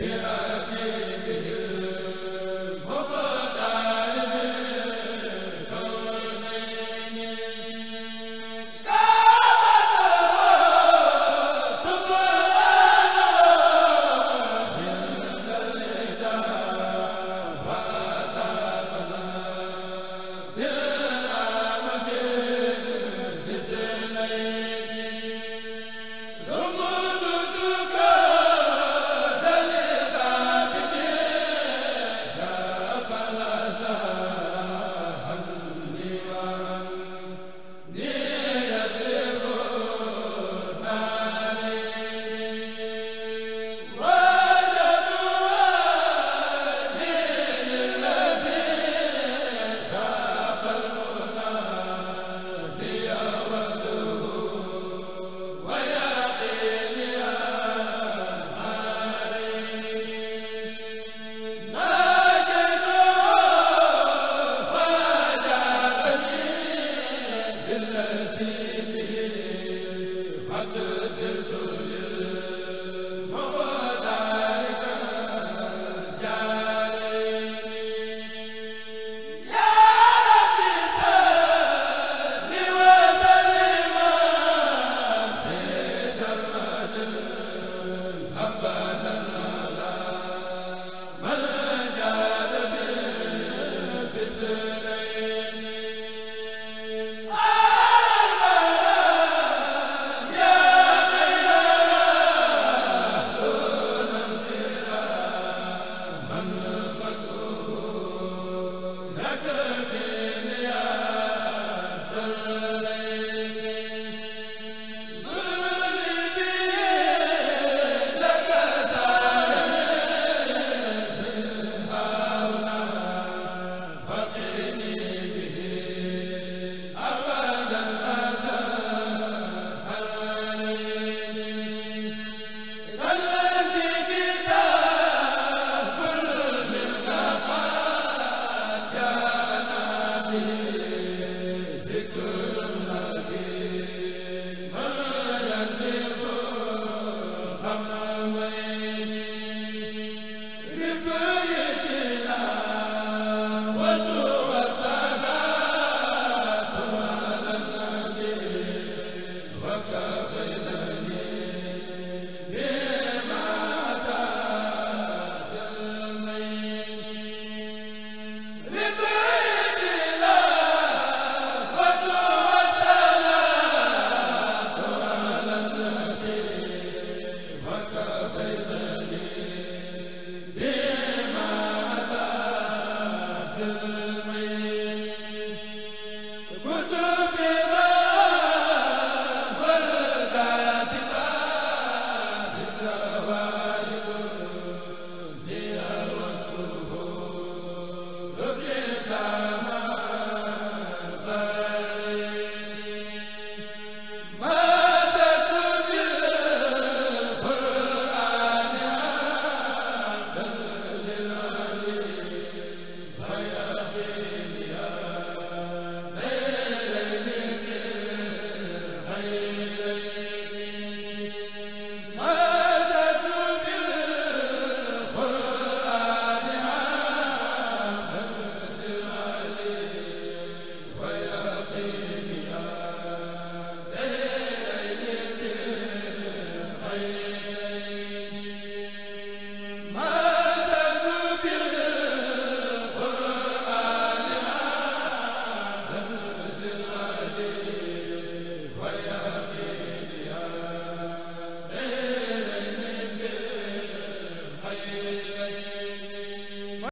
Yeah